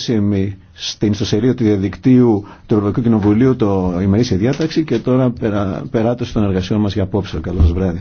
επίσημη στην ιστοσελίδα του διαδικτύου του Ευρωπαϊκού Κοινοβουλίου το ημερήσια διάταξη και τώρα περάτε των εργασιών μας για απόψε. Καλώς βράδυ.